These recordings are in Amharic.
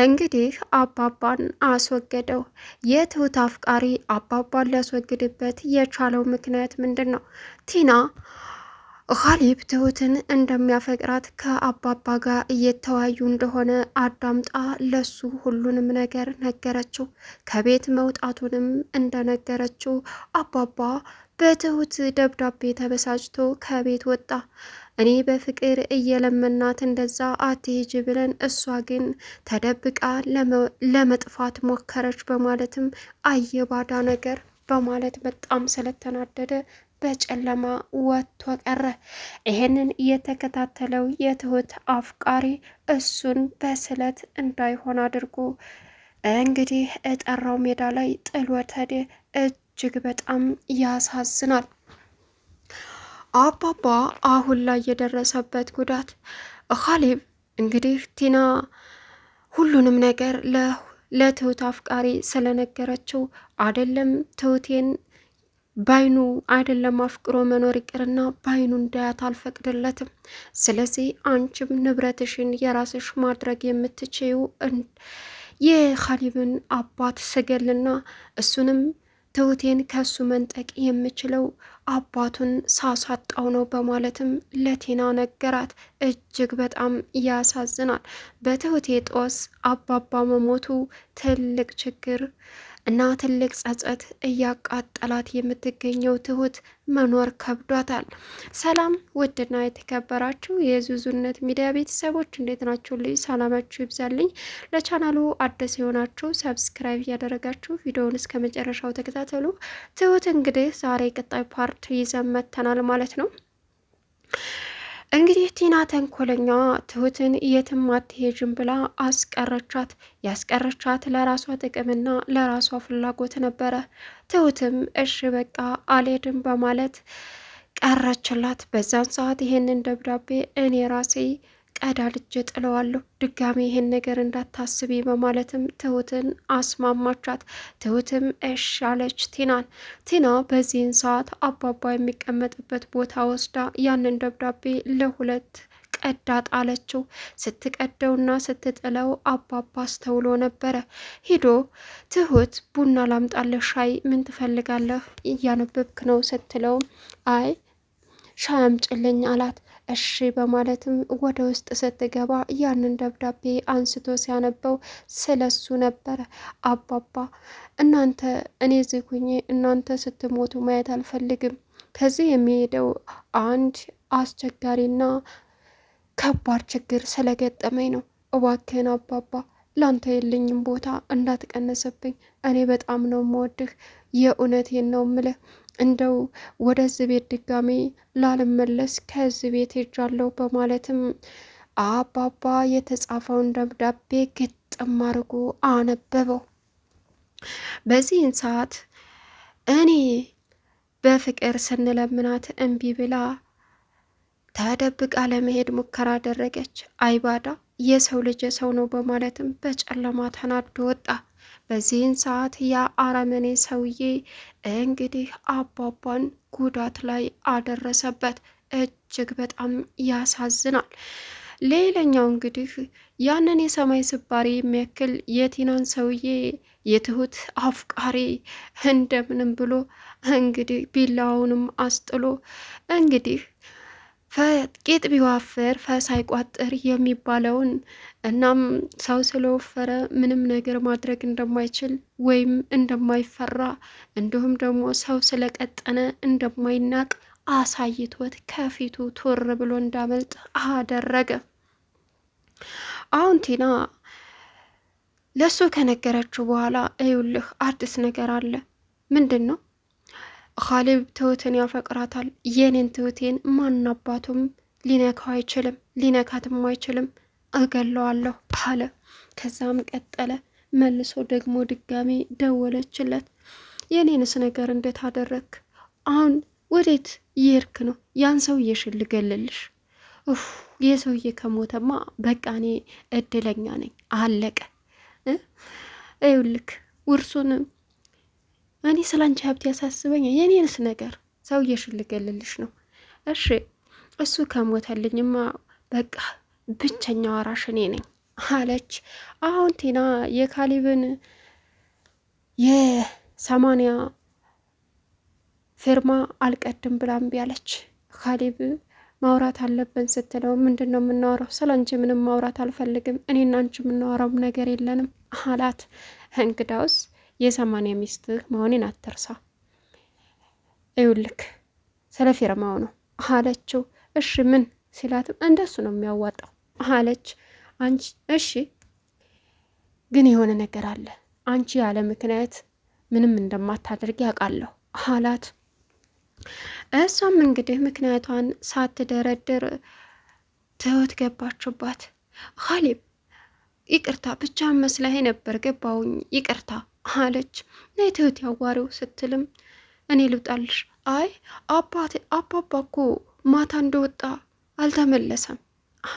እንግዲህ አባባን አስወገደው። የትሁት አፍቃሪ አባባን ሊያስወግድበት የቻለው ምክንያት ምንድን ነው? ቲና ኻሊብ ትሁትን እንደሚያፈቅራት ከአባባ ጋር እየተወያዩ እንደሆነ አዳምጣ ለሱ ሁሉንም ነገር ነገረችው። ከቤት መውጣቱንም እንደነገረችው አባባ በትሁት ደብዳቤ ተበሳጭቶ ከቤት ወጣ። እኔ በፍቅር እየለመናት እንደዛ አትሄጅ ብለን እሷ ግን ተደብቃ ለመጥፋት ሞከረች በማለትም አየባዳ ነገር በማለት በጣም ስለተናደደ በጨለማ ወጥቶ ቀረ። ይህንን የተከታተለው የትሁት አፍቃሪ እሱን በስለት እንዳይሆን አድርጎ እንግዲህ እጠራው ሜዳ ላይ ጥሎ ተደ እጅግ በጣም ያሳዝናል። አባባ አሁን ላይ የደረሰበት ጉዳት ካሌብ እንግዲህ ቲና ሁሉንም ነገር ለትሁት አፍቃሪ ስለነገረችው አደለም ትሁቴን ባይኑ አይደለም አፍቅሮ መኖር ይቅርና ባይኑ እንዳያት አልፈቅድለትም። ስለዚህ አንቺም ንብረትሽን የራስሽ ማድረግ የምትችዩ የኻሊብን አባት ስገልና እሱንም ትሁቴን ከሱ መንጠቅ የምችለው አባቱን ሳሳጣው ነው በማለትም ለቴና ነገራት። እጅግ በጣም ያሳዝናል። በትሁቴ ጦስ አባባ መሞቱ ትልቅ ችግር እና ትልቅ ጸጸት እያቃጠላት የምትገኘው ትሁት መኖር ከብዷታል። ሰላም ውድና የተከበራችሁ የዙዙነት ሚዲያ ቤተሰቦች እንዴት ናችሁ? ልጅ ሰላማችሁ ይብዛልኝ። ለቻናሉ አዲስ የሆናችሁ ሰብስክራይብ እያደረጋችሁ ቪዲዮውን እስከ መጨረሻው ተከታተሉ። ትሁት እንግዲህ ዛሬ ቀጣይ ፓርት ይዘን መጥተናል ማለት ነው። እንግዲህ ቲና ተንኮለኛ ትሁትን የትም አትሄጅም ብላ አስቀረቻት። ያስቀረቻት ለራሷ ጥቅምና ለራሷ ፍላጎት ነበረ። ትሁትም እሺ በቃ አልሄድም በማለት ቀረችላት። በዛን ሰዓት ይሄንን ደብዳቤ እኔ ራሴ ቀዳልጄ ጥለዋለሁ። ድጋሚ ይህን ነገር እንዳታስቢ በማለትም ትሁትን አስማማቻት። ትሁትም እሽ አለች ቲናን። ቲና በዚህን ሰዓት አባባ የሚቀመጥበት ቦታ ወስዳ ያንን ደብዳቤ ለሁለት ቀዳ ጣለችው። ስትቀደውና ስትጥለው አባባ አስተውሎ ነበረ። ሂዶ ትሁት ቡና ላምጣለህ፣ ሻይ ምን ትፈልጋለህ? እያነበብክ ነው ስትለውም አይ ሻይ አምጪልኝ አላት። እሺ በማለትም ወደ ውስጥ ስትገባ ያንን ደብዳቤ አንስቶ ሲያነበው ስለሱ ነበረ። አባባ እናንተ እኔ እዚህ ሁኜ እናንተ ስትሞቱ ማየት አልፈልግም። ከዚህ የሚሄደው አንድ አስቸጋሪና ከባድ ችግር ስለገጠመኝ ነው። እባክህን አባባ ላንተ የለኝም ቦታ እንዳትቀነሰብኝ እኔ በጣም ነው የምወድህ፣ የእውነቴን ነው ምልህ። እንደው ወደዚህ ቤት ድጋሜ ላልመለስ ከዚህ ቤት ሄጃለሁ በማለትም አባባ የተጻፈውን ደብዳቤ ግጥም አድርጎ አነበበው። በዚህን ሰዓት እኔ በፍቅር ስንለምናት እምቢ ብላ ተደብቃ ለመሄድ ሙከራ አደረገች። አይባዳ የሰው ልጅ የሰው ነው በማለትም በጨለማ ተናዶ ወጣ። በዚህን ሰዓት ያ አረመኔ ሰውዬ እንግዲህ አቧቧን ጉዳት ላይ አደረሰበት። እጅግ በጣም ያሳዝናል። ሌላኛው እንግዲህ ያንን የሰማይ ስባሪ የሚያክል የቲናን ሰውዬ የትሁት አፍቃሪ እንደምንም ብሎ እንግዲህ ቢላውንም አስጥሎ እንግዲህ ቂጥ ቢዋፍር ፈሳይቋጥር የሚባለውን እናም ሰው ስለወፈረ ምንም ነገር ማድረግ እንደማይችል ወይም እንደማይፈራ እንዲሁም ደግሞ ሰው ስለቀጠነ እንደማይናቅ አሳይቶት ከፊቱ ቱር ብሎ እንዳመልጥ አደረገ። አሁን ቲና ለእሱ ከነገረችው በኋላ እዩልህ አዲስ ነገር አለ። ምንድን ነው? ካሌብ ትሁትን ያፈቅራታል። የኔን ትሁቴን ማናባቱም ሊነካው አይችልም፣ ሊነካትም አይችልም፣ እገለዋለሁ አለ። ከዛም ቀጠለ። መልሶ ደግሞ ድጋሜ ደወለችለት። የኔንስ ነገር እንዴት አደረክ? አሁን ወዴት ይርክ ነው? ያን ሰውዬ ሽልገልልሽ ኡፍ ይህ ከሞተማ በቃ እኔ እድለኛ ነኝ። አለቀ። ይኸውልህ ውርሱንም እኔ ስለ አንቺ ሀብት ያሳስበኝ የኔንስ ነገር ሰው እየሽልገልልሽ ነው። እሺ እሱ ከሞተልኝማ በቃ ብቸኛ አራሽ እኔ ነኝ አለች። አሁን ቴና የካሊብን የሰማንያ ፊርማ አልቀድም ብላ እምቢ አለች። ካሊብ ማውራት አለብን ስትለው ምንድን ነው የምናወራው? ስለ አንቺ ምንም ማውራት አልፈልግም። እኔና አንቺ የምናወራው ነገር የለንም አላት። እንግዳውስ የሰማንያ ሚስትህ መሆኔን አትርሳ። እዩልክ ስለ ፊርማው ነው አለችው። እሺ ምን ሲላትም እንደሱ ነው የሚያዋጣው አለች። አንቺ እሺ ግን የሆነ ነገር አለ። አንቺ ያለ ምክንያት ምንም እንደማታደርጊ ያቃለሁ አላት። እሷም እንግዲህ ምክንያቷን ሳትደረድር ትሁት ገባችባት። ኻሊብ ይቅርታ ብቻ መስላሄ ነበር ገባውኝ፣ ይቅርታ አለች። ነይ ትሁት ያዋሪው ስትልም እኔ ልውጣልሽ። አይ አባቴ አባባ እኮ ማታ እንደወጣ አልተመለሰም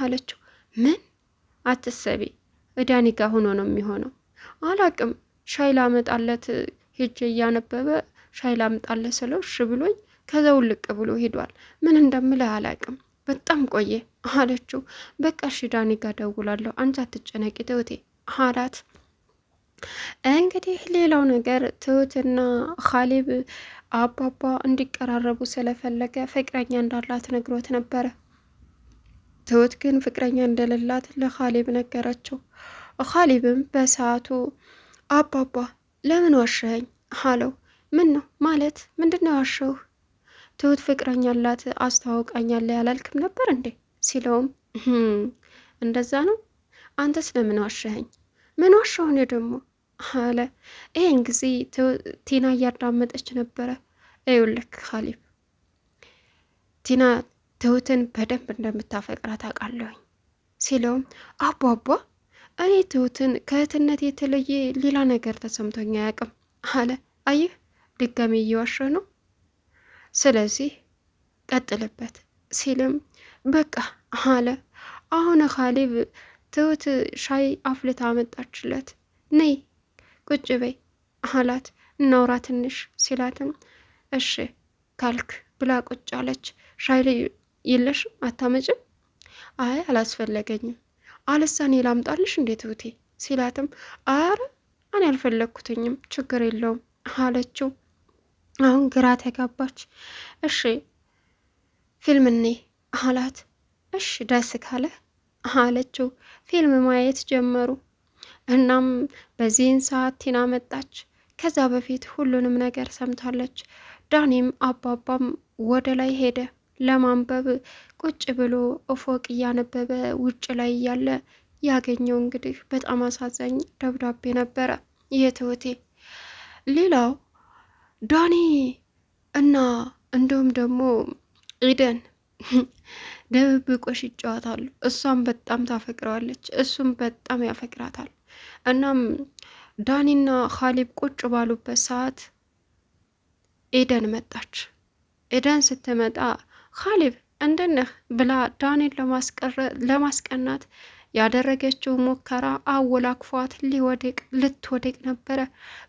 አለችው። ምን አትሰቢ፣ እዳኒ ጋ ሆኖ ነው የሚሆነው። አላቅም ሻይ ላመጣለት ሄጄ እያነበበ ሻይ ላምጣለት ስለው እሺ ብሎኝ ከዛው ልቅ ብሎ ሄዷል። ምን እንደምልህ አላቅም፣ በጣም ቆየ አለችው። በቃ እሺ ዳኒ ጋ ደውላለሁ፣ አንቺ አትጨነቂ ትሁቴ አላት። እንግዲህ ሌላው ነገር ትሁትና ካሌብ አባባ እንዲቀራረቡ ስለፈለገ ፍቅረኛ እንዳላት ነግሮት ነበረ። ትሁት ግን ፍቅረኛ እንደሌላት ለካሌብ ነገረችው። ካሌብም በሰዓቱ አባባ ለምን ዋሸኸኝ አለው። ምን ነው ማለት ምንድን ነው ያዋሸሁህ? ትሁት ፍቅረኛ አላት አስተዋውቃኛለ ያላልክም ነበር እንዴ ሲለውም እንደዛ ነው አንተስ ለምን ዋሸኸኝ? ምን ዋሸሁ እኔ ደግሞ አለ። ይህን ጊዜ ቲና እያዳመጠች ነበረ። ይኸውልህ ካሊብ፣ ቲና ትሁትን በደንብ እንደምታፈቅራት አውቃለሁኝ ሲለውም አቧ እኔ ትሁትን ከእህትነት የተለየ ሌላ ነገር ተሰምቶኝ አያውቅም አለ። አየህ ድጋሜ እየዋሸ ነው። ስለዚህ ቀጥልበት ሲልም በቃ አለ። አሁን ካሊብ ትሁት ሻይ አፍልታ አመጣችለት። ነይ ቁጭ በይ አላት። እናውራ ትንሽ ሲላትም እሺ ካልክ ብላ ቁጭ አለች። ሻይ የለሽ አታመጭም? አይ አላስፈለገኝም። አለሳኔ ላምጣልሽ እንዴት ውቴ ሲላትም አረ እኔ አልፈለግኩትኝም ችግር የለውም አለችው። አሁን ግራ ተጋባች። እሺ ፊልም እኔ አላት። እሺ ደስ ካለ አለችው። ፊልም ማየት ጀመሩ። እናም በዚህን ሰዓት ቲና መጣች። ከዛ በፊት ሁሉንም ነገር ሰምታለች። ዳኒም አባባም ወደ ላይ ሄደ ለማንበብ ቁጭ ብሎ እፎቅ እያነበበ ውጭ ላይ እያለ ያገኘው እንግዲህ በጣም አሳዛኝ ደብዳቤ ነበረ። ይህ ሌላው ዳኒ እና እንዲሁም ደግሞ ኢደን ድብብቆሽ ይጫወታሉ። እሷም በጣም ታፈቅረዋለች፣ እሱም በጣም ያፈቅራታል። እናም ዳኒና ካሌብ ቁጭ ባሉበት ሰዓት ኤደን መጣች። ኤደን ስትመጣ ካሌብ እንደነህ ብላ ዳኒን ለማስቀናት ያደረገችው ሙከራ አወላክፏት ሊወደቅ ልትወደቅ ነበረ።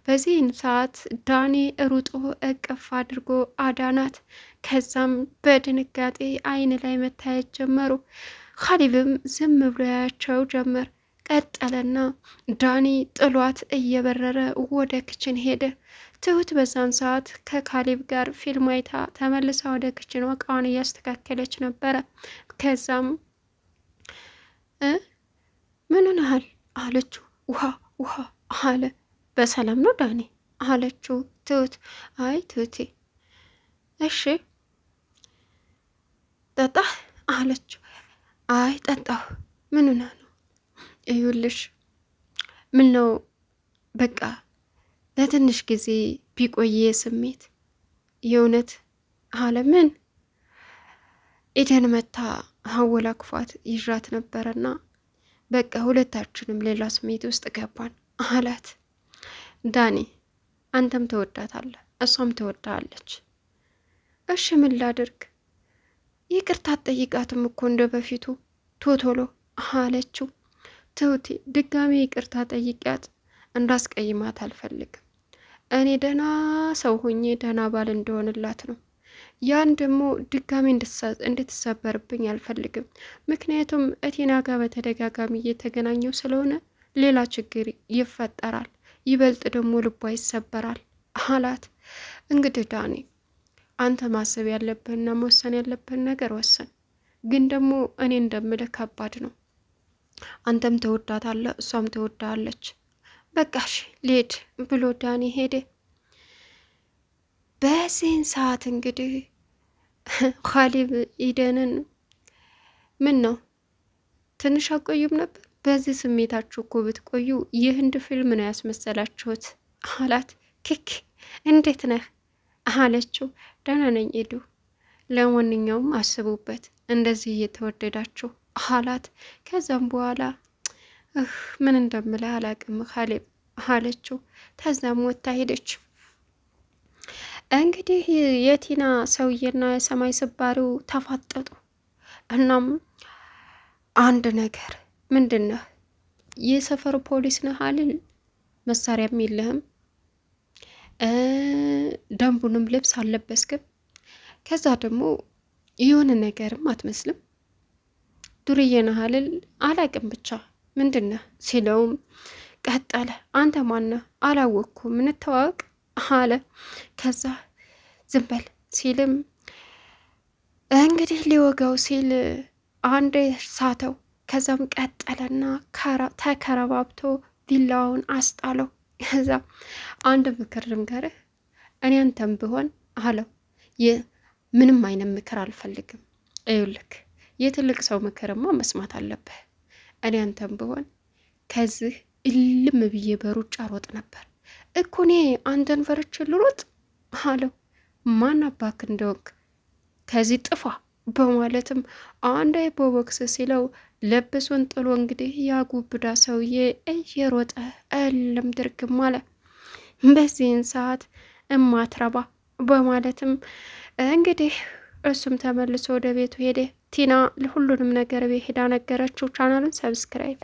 በዚህን ሰዓት ዳኒ ሩጦ እቅፍ አድርጎ አዳናት። ከዛም በድንጋጤ አይን ላይ መታየት ጀመሩ። ካሌብም ዝም ብሎ ያያቸው ጀመር። ቀጠለና ዳኒ ጥሏት እየበረረ ወደ ክችን ሄደ። ትሁት በዛን ሰዓት ከካሊብ ጋር ፊልም አይታ ተመልሳ ወደ ክችን እቃዋን እያስተካከለች ነበረ። ከዛም ምንን ያህል አለችው። ውሃ ውሃ አለ። በሰላም ነው ዳኒ አለችው ትሁት። አይ ትሁቴ እሺ ጠጣህ አለችው። አይ ጠጣሁ። ምንና ነው ይሁልሽ። ምን ነው በቃ ለትንሽ ጊዜ ቢቆየ ስሜት የእውነት አለምን ኢደን መታ ሀወላ ክፏት ይዣት ነበረና በቃ ሁለታችንም ሌላ ስሜት ውስጥ ገባን አላት ዳኒ። አንተም ትወዳታለህ እሷም ትወዳለች። እሺ ምን ላድርግ? ይቅርታ ጠይቃትም እኮ እንደ በፊቱ ቶቶሎ አለችው። ትሁቴ ድጋሜ ይቅርታ ጠይቂያት እንዳስቀይማት አልፈልግም። እኔ ደህና ሰው ሁኜ ደህና ባል እንደሆንላት ነው። ያን ደግሞ ድጋሜ እንድትሰበርብኝ አልፈልግም። ምክንያቱም እቴና ጋር በተደጋጋሚ እየተገናኘው ስለሆነ ሌላ ችግር ይፈጠራል፣ ይበልጥ ደግሞ ልቧ ይሰበራል አላት። እንግዲህ ዳኔ አንተ ማሰብ ያለብህና መወሰን ያለብህን ነገር ወሰን። ግን ደግሞ እኔ እንደምልህ ከባድ ነው አንተም ትወዳታለህ፣ እሷም ትወዳለች። በቃሽ ሌድ ብሎ ዳኒ ሄደ። በዚህን ሰዓት እንግዲህ ኻሊብ ኢደንን ምን ነው ትንሽ አቆዩም ነበር። በዚህ ስሜታችሁ እኮ ብትቆዩ የህንድ ፊልም ነው ያስመሰላችሁት አላት። ክክ እንዴት ነህ አለችው። ደህና ነኝ ኤዱ፣ ለማንኛውም አስቡበት እንደዚህ እየተወደዳችሁ አላት። ከዛም በኋላ ምን እንደምለ አላቅም ካሌብ አለችው። ከዛም ወታ ሄደች። እንግዲህ የቲና ሰውዬና የሰማይ ስባሪው ተፋጠጡ። እናም አንድ ነገር ምንድን ነህ? የሰፈር ፖሊስ ነህ አልል፣ መሳሪያም የለህም፣ ደንቡንም ልብስ አልለበስክም፣ ከዛ ደግሞ የሆነ ነገርም አትመስልም ዱርዬ ሀልል አላቅም ብቻ ምንድነ ነህ ሲለውም ቀጠለ አንተ ማነ አላወቅኩ እንተዋወቅ አለ ከዛ ዝንበል ሲልም እንግዲህ ሊወጋው ሲል አንዴ ሳተው ከዛም ቀጠለና ተከረባብቶ ቢላውን አስጣለው ከዛ አንድ ምክር ልንገርህ እኔ አንተም ብሆን አለው ምንም አይነት ምክር አልፈልግም እዩልክ የትልቅ ሰው ምክርማ መስማት አለብህ። እኔ አንተም ብሆን ከዚህ እልም ብዬ በሩጫ ሮጥ ነበር እኮ እኔ አንተን ፈርቼ ልሮጥ አለው። ማን አባክ እንደወቅ ከዚህ ጥፋ በማለትም አንድ አይቦቦክስ ሲለው ለብሶን ጥሎ እንግዲህ ያጉብዳ ሰውዬ እየሮጠ እልም ድርግም አለ። በዚህን ሰዓት እማትረባ በማለትም እንግዲህ እሱም ተመልሶ ወደ ቤቱ ሄደ። ቲና ለሁሉንም ነገር ቤሄዳ ነገረችው። ቻናሉን ሰብስክራይብ